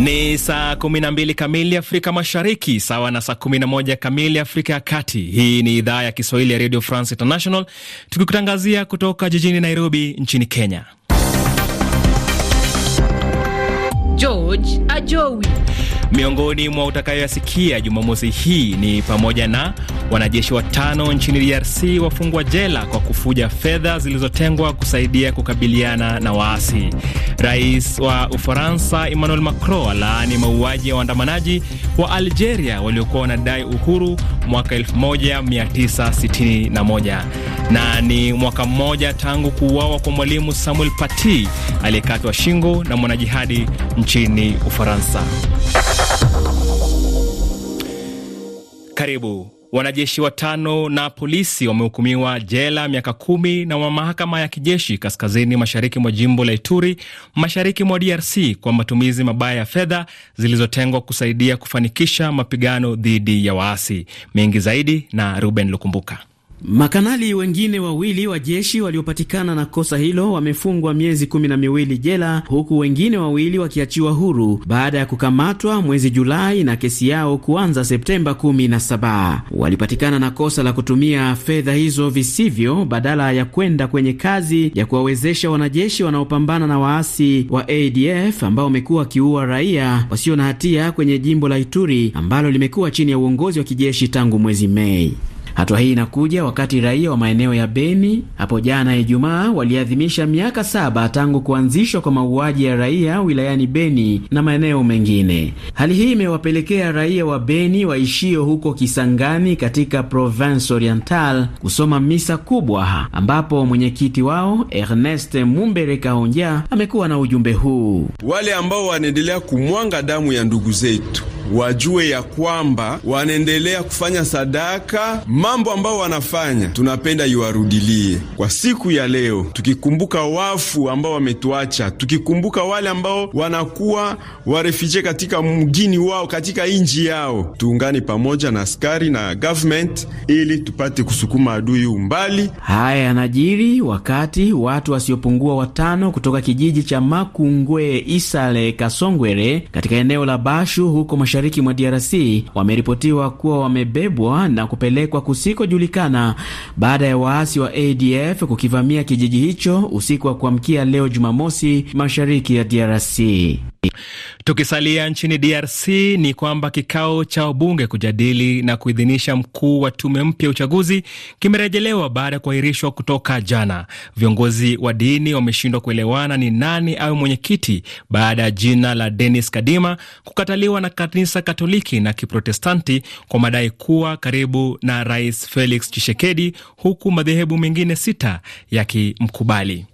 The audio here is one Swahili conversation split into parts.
Ni saa 12 kamili Afrika Mashariki, sawa na saa 11 kamili Afrika ya Kati. Hii ni idhaa ya Kiswahili ya Radio France International, tukikutangazia kutoka jijini Nairobi nchini Kenya. George Ajowi. Miongoni mwa utakayoyasikia Jumamosi hii ni pamoja na wanajeshi watano nchini DRC wafungwa jela kwa kufuja fedha zilizotengwa kusaidia kukabiliana na waasi Rais wa Ufaransa Emmanuel Macron alaani mauaji ya waandamanaji wa Algeria waliokuwa wanadai uhuru mwaka 1961 na ni mwaka mmoja tangu kuuawa kwa mwalimu Samuel Paty aliyekatwa shingo na mwanajihadi nchini Ufaransa. Karibu Wanajeshi watano na polisi wamehukumiwa jela miaka kumi na mahakama ya kijeshi kaskazini mashariki mwa jimbo la Ituri, mashariki mwa DRC kwa matumizi mabaya ya fedha zilizotengwa kusaidia kufanikisha mapigano dhidi ya waasi. Mengi zaidi na Ruben Lukumbuka. Makanali wengine wawili wa jeshi waliopatikana na kosa hilo wamefungwa miezi kumi na miwili jela huku wengine wawili wakiachiwa huru baada ya kukamatwa mwezi Julai na kesi yao kuanza Septemba kumi na saba. Walipatikana na kosa la kutumia fedha hizo visivyo badala ya kwenda kwenye kazi ya kuwawezesha wanajeshi wanaopambana na waasi wa ADF ambao wamekuwa wakiua raia wasio na hatia kwenye jimbo la Ituri ambalo limekuwa chini ya uongozi wa kijeshi tangu mwezi Mei. Hatua hii inakuja wakati raia wa maeneo ya Beni hapo jana Ijumaa waliadhimisha miaka saba tangu kuanzishwa kwa mauaji ya raia wilayani Beni na maeneo mengine. Hali hii imewapelekea raia wa Beni waishio huko Kisangani katika Province Oriental kusoma misa kubwa, ambapo mwenyekiti wao Ernest Mumbere Kaonja amekuwa na ujumbe huu: wale ambao wanaendelea kumwanga damu ya ndugu zetu wajue ya kwamba wanaendelea kufanya sadaka. Mambo ambayo wanafanya tunapenda iwarudilie. Kwa siku ya leo, tukikumbuka wafu ambao wametuacha, tukikumbuka wale ambao wanakuwa warefije katika mgini wao, katika inji yao, tuungane pamoja na askari na government ili tupate kusukuma adui umbali. Haya yanajiri wakati watu wasiopungua watano kutoka kijiji cha Makungwe Isale Kasongwere katika eneo la Bashu huko mashariki mashariki mwa DRC wameripotiwa kuwa wamebebwa na kupelekwa kusikojulikana baada ya waasi wa ADF kukivamia kijiji hicho usiku wa kuamkia leo Jumamosi, mashariki ya DRC. Tukisalia nchini DRC ni kwamba kikao cha wabunge kujadili na kuidhinisha mkuu wa tume mpya ya uchaguzi kimerejelewa baada ya kuahirishwa kutoka jana. Viongozi wa dini wameshindwa kuelewana ni nani awe mwenyekiti baada ya jina la Denis Kadima kukataliwa na kanisa Katoliki na Kiprotestanti kwa madai kuwa karibu na Rais Felix Tshisekedi, huku madhehebu mengine sita yakimkubali.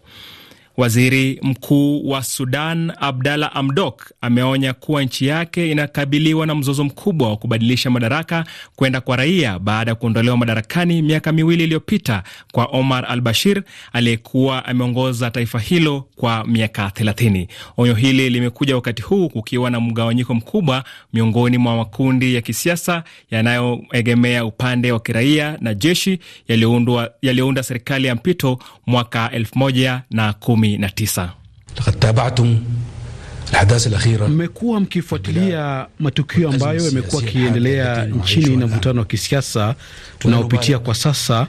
Waziri mkuu wa Sudan Abdalla Amdok ameonya kuwa nchi yake inakabiliwa na mzozo mkubwa wa kubadilisha madaraka kwenda kwa raia baada ya kuondolewa madarakani miaka miwili iliyopita kwa Omar al Bashir aliyekuwa ameongoza taifa hilo kwa miaka 30. Onyo hili limekuja wakati huu kukiwa na mgawanyiko mkubwa miongoni mwa makundi ya kisiasa yanayoegemea upande wa kiraia na jeshi yaliyounda serikali ya mpito mwaka 2010 tisa. Mmekuwa mkifuatilia matukio ambayo yamekuwa akiendelea nchini na mvutano wa kisiasa tunaopitia kwa sasa.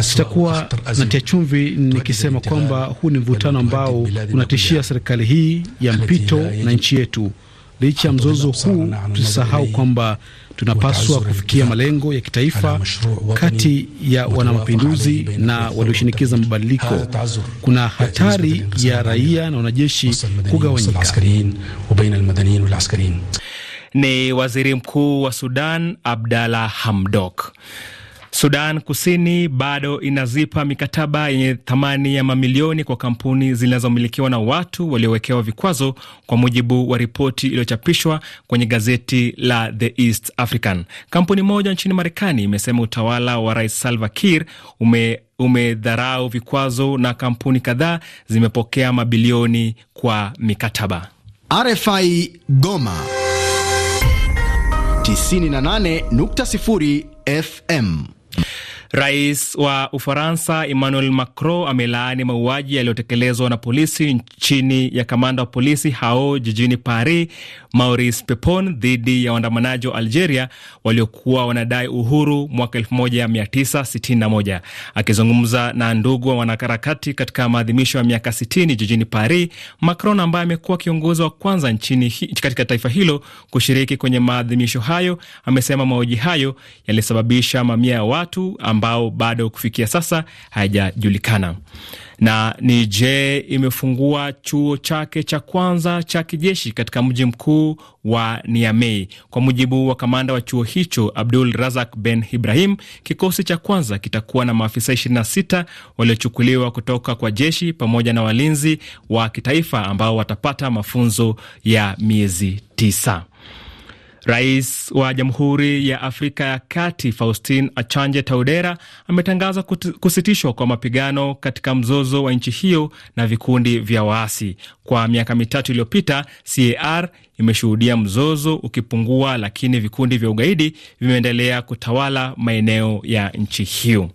Sitakuwa natia chumvi nikisema kwamba huu ni mvutano ambao unatishia serikali hii ya mpito na nchi yetu. Licha ya mzozo huu, tusisahau kwamba tunapaswa kufikia malengo ya kitaifa kati ya wanamapinduzi na walioshinikiza mabadiliko. Kuna hatari ya raia na wanajeshi kugawanyika. Ni waziri mkuu wa Sudan Abdalla Hamdok. Sudan Kusini bado inazipa mikataba yenye thamani ya mamilioni kwa kampuni zinazomilikiwa na watu waliowekewa vikwazo, kwa mujibu wa ripoti iliyochapishwa kwenye gazeti la The East African. Kampuni moja nchini Marekani imesema utawala wa Rais Salva Kiir ume umedharau vikwazo na kampuni kadhaa zimepokea mabilioni kwa mikataba. RFI Goma 98.0 FM Rais wa Ufaransa Emmanuel Macron amelaani mauaji yaliyotekelezwa na polisi chini ya kamanda wa polisi hao jijini Paris, Maurice Pepon, dhidi ya waandamanaji wa Algeria waliokuwa wanadai uhuru mwaka 1961. Akizungumza na ndugu wa wanaharakati katika maadhimisho ya miaka 60 jijini Paris, Macron ambaye amekuwa kiongozi wa kwanza nchini katika taifa hilo kushiriki kwenye maadhimisho hayo amesema mauaji hayo yalisababisha mamia ya watu ambao bado kufikia sasa hayajajulikana. Na Niger imefungua chuo chake cha kwanza cha kijeshi katika mji mkuu wa Niamey. Kwa mujibu wa kamanda wa chuo hicho Abdul Razak Ben Ibrahim, kikosi cha kwanza kitakuwa na maafisa 26 waliochukuliwa kutoka kwa jeshi pamoja na walinzi wa kitaifa ambao watapata mafunzo ya miezi tisa. Rais wa Jamhuri ya Afrika ya Kati Faustin Achanje Taudera ametangaza kusitishwa kwa mapigano katika mzozo wa nchi hiyo na vikundi vya waasi. Kwa miaka mitatu iliyopita, CAR imeshuhudia mzozo ukipungua, lakini vikundi vya ugaidi vimeendelea kutawala maeneo ya nchi hiyo.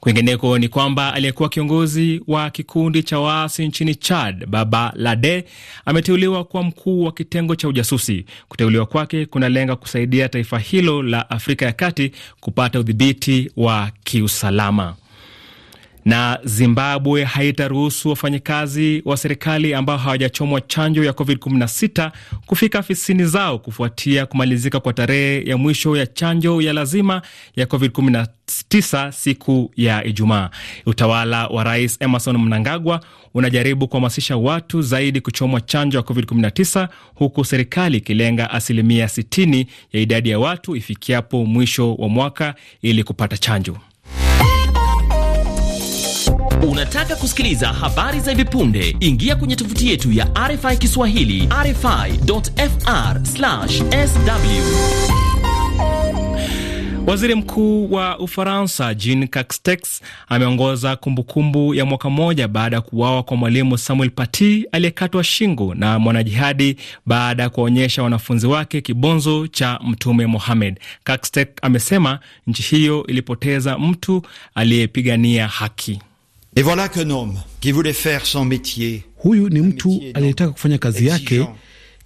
Kwingineko ni kwamba aliyekuwa kiongozi wa kikundi cha waasi nchini Chad, Baba Lade, ameteuliwa kuwa mkuu wa kitengo cha ujasusi. Kuteuliwa kwake kunalenga kusaidia taifa hilo la Afrika ya Kati kupata udhibiti wa kiusalama na Zimbabwe haitaruhusu wafanyakazi wa serikali ambao hawajachomwa chanjo ya COVID-19 kufika afisini zao kufuatia kumalizika kwa tarehe ya mwisho ya chanjo ya lazima ya COVID-19 siku ya Ijumaa. Utawala wa Rais Emerson Mnangagwa unajaribu kuhamasisha watu zaidi kuchomwa chanjo ya COVID-19 huku serikali ikilenga asilimia 60 ya idadi ya watu ifikiapo mwisho wa mwaka ili kupata chanjo. Unataka kusikiliza habari za hivi punde? Ingia kwenye tovuti yetu ya RFI Kiswahili, rfi.fr/sw. Waziri Mkuu wa Ufaransa Jean Castex ameongoza kumbukumbu ya mwaka mmoja baada ya kuuawa kwa mwalimu Samuel Paty aliyekatwa shingo na mwanajihadi baada ya kuwaonyesha wanafunzi wake kibonzo cha Mtume Mohamed. Castex amesema nchi hiyo ilipoteza mtu aliyepigania haki. Huyu ni mtu aliyetaka kufanya kazi yake,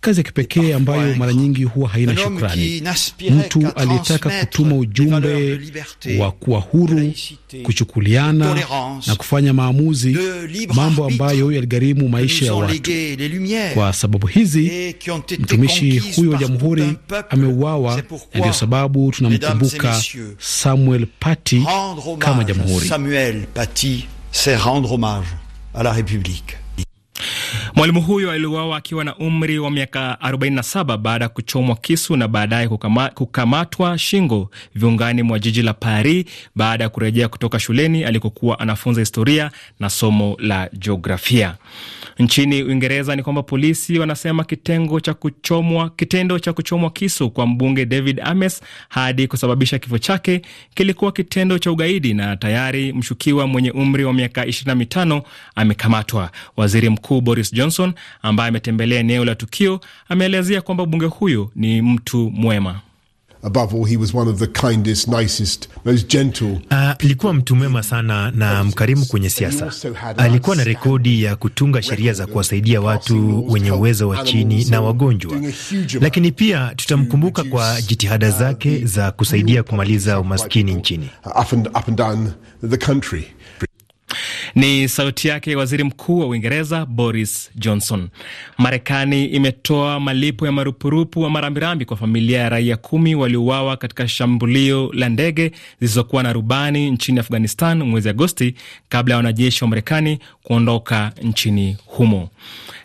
kazi ya kipekee ambayo mara nyingi huwa haina shukrani, mtu aliyetaka kutuma ujumbe wa kuwa huru, kuchukuliana na kufanya maamuzi, mambo ambayo yaligharimu maisha ya watu. Kwa sababu hizi mtumishi huyu wa jamhuri ameuawa, na ndiyo sababu tunamkumbuka Samuel Paty kama jamhuri. c'est rendre hommage à la République. Mwalimu huyo aliuawa akiwa na umri wa miaka 47 baada ya kuchomwa kisu na baadaye kukama, kukamatwa shingo viungani mwa jiji la Paris baada ya kurejea kutoka shuleni alikokuwa anafunza historia na somo la jiografia. Nchini Uingereza ni kwamba polisi wanasema kitengo cha kuchomwa, kitendo cha kuchomwa kisu kwa mbunge David Ames hadi kusababisha kifo chake kilikuwa kitendo cha ugaidi na tayari mshukiwa mwenye umri wa miaka 25 amekamatwa. Waziri Mkuu Boris Johnson Johnson ambaye ametembelea eneo la tukio ameelezea kwamba bunge huyo ni mtu mwema. Above all, he was one of the kindest, nicest, most gentle. Uh, alikuwa mtu mwema sana na mkarimu kwenye siasa. Alikuwa na rekodi ya kutunga sheria za kuwasaidia watu wenye uwezo wa chini na wagonjwa, lakini pia tutamkumbuka kwa jitihada uh, zake za kusaidia kumaliza umaskini nchini. Ni sauti yake waziri mkuu wa Uingereza Boris Johnson. Marekani imetoa malipo ya marupurupu wa marambirambi kwa familia ya raia kumi waliouawa katika shambulio la ndege zilizokuwa na rubani nchini Afghanistan mwezi Agosti, kabla ya wanajeshi wa Marekani kuondoka nchini humo.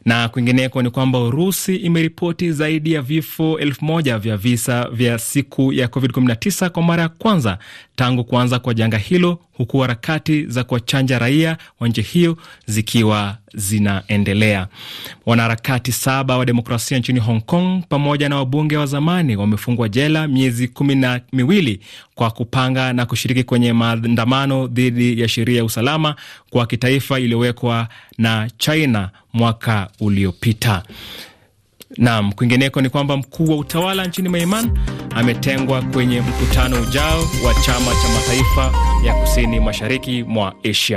Na kwingineko ni kwamba Urusi imeripoti zaidi ya vifo elfu moja vya visa vya siku ya COVID-19 kwa mara ya kwanza tangu kuanza kwa janga hilo, huku harakati za kuwachanja raia wa nchi hiyo zikiwa zinaendelea. Wanaharakati saba wa demokrasia nchini Hong Kong pamoja na wabunge wa zamani wamefungwa jela miezi kumi na miwili kwa kupanga na kushiriki kwenye maandamano dhidi ya sheria ya usalama kwa kitaifa iliyowekwa na China mwaka uliopita. Naam, kwingineko ni kwamba mkuu wa utawala nchini Myanmar ametengwa kwenye mkutano ujao wa chama cha mataifa ya kusini mashariki mwa Asia.